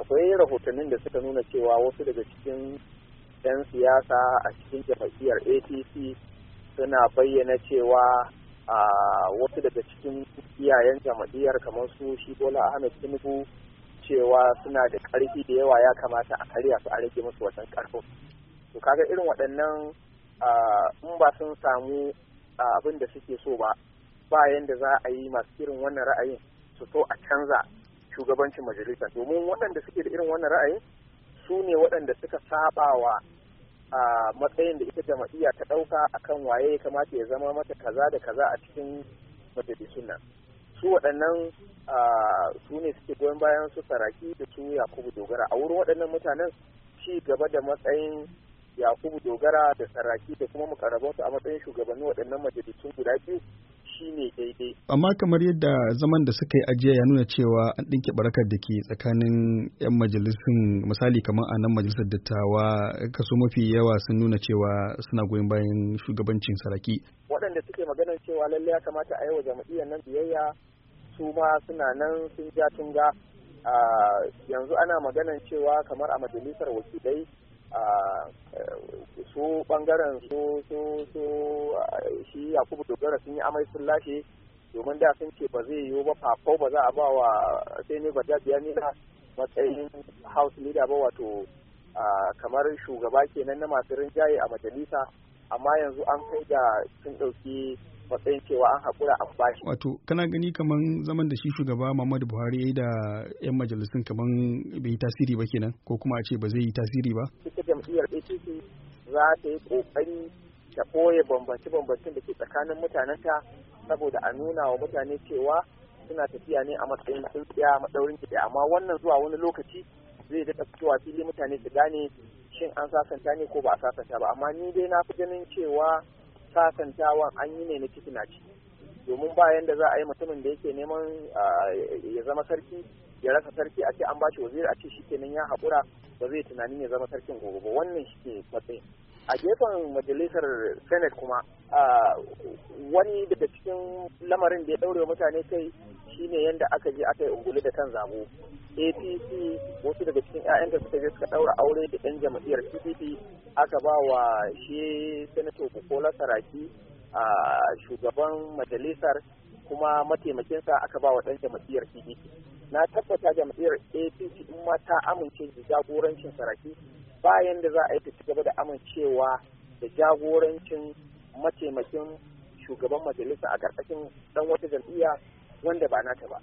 akwai rahotannin da suka nuna cewa wasu daga cikin 'yan siyasa a cikin jam'iyyar apc suna bayyana cewa wasu daga cikin iyayen jam'iyyar kamar su shi bola ahmed tinubu cewa suna da ƙarfi da yawa ya kamata a karya su a rage musu wajen ƙarfin to kaga irin waɗannan in ba sun samu abin da suke so ba bayan da za a yi masu irin wannan ra'ayin su so a canza shugabancin majalisa domin waɗanda suke da irin wannan ra'ayin su ne waɗanda suka sabawa a matsayin da ita jama'iyya ta ɗauka akan waye ya kamata ya zama mata kaza da kaza a cikin majalisun nan su waɗannan su ne suke goyon bayan su saraki da su yakubu dogara a wurin waɗannan mutanen ci gaba da matsayin yakubu dogara da saraki da kuma mukarrabansu a matsayin shugabannin waɗannan majalisun guda biyu shi ne daidai. Amma kamar yadda zaman da suka yi ajiya ya nuna cewa an ɗinke barakar da ke tsakanin 'yan majalisun misali kamar a nan majalisar dattawa kaso mafi yawa sun nuna cewa suna goyon bayan shugabancin saraki. Waɗanda suke maganar cewa lallai ya kamata a yi wa jam'iyyar nan biyayya su ma suna nan sun ja tunga yanzu ana maganar cewa kamar a majalisar wakilai su bangaren su su su shi yakubu dogara sun yi amai sun lashe domin da sun ce ba zai yiwu ba fafo ba za a ba wa sai ne gwaja biya nila matsayin house leader ba wato kamar shugaba kenan na masu rinjaye a majalisa amma yanzu an kai da sun ɗauki matsayin cewa an haƙura a bashi. Wato, kana gani kamar zaman da shi shugaba Muhammadu Buhari ya yi da 'yan majalisun kamar bai yi tasiri ba kenan ko kuma a ce ba zai yi tasiri ba? Ita jam'iyyar APC za ta yi ƙoƙari ta ɓoye bambance-bambancen da ke tsakanin mutanenta saboda a nuna wa mutane cewa suna tafiya ne a matsayin tsintsiya maɗaurin kiɗa amma wannan zuwa wani lokaci zai daɗa fitowa fili mutane su gane shin an sasanta ne ko ba a sasanta ba amma ni dai na fi ganin cewa sasantawan an yi ne na ciki na ci domin ba yanda za a yi mutumin da yake neman ya zama sarki ya rasa sarki a ce an bashi waziri a ce shi kenan ya haƙura ba zai tunanin ya zama sarkin gobe ba wannan shi ne matsayin a gefen majalisar senate kuma wani daga cikin lamarin da ya daure mutane kai shine yadda aka je aka yi unguli da kan zabo apc wasu daga cikin 'ya'yanta suka je suka ɗaura aure da 'yan jam'iyyar pdp aka ba wa shi senator bukola saraki a shugaban majalisar kuma mataimakinsa aka ba wa ɗan jam'iyyar pdp na tabbata jam'iyyar apc in ma ta amince da jagorancin saraki bayan da za a yi ta gaba da amincewa da jagorancin mataimakin shugaban majalisa a karkashin ɗan wata jam'iyya wanda ba nata ba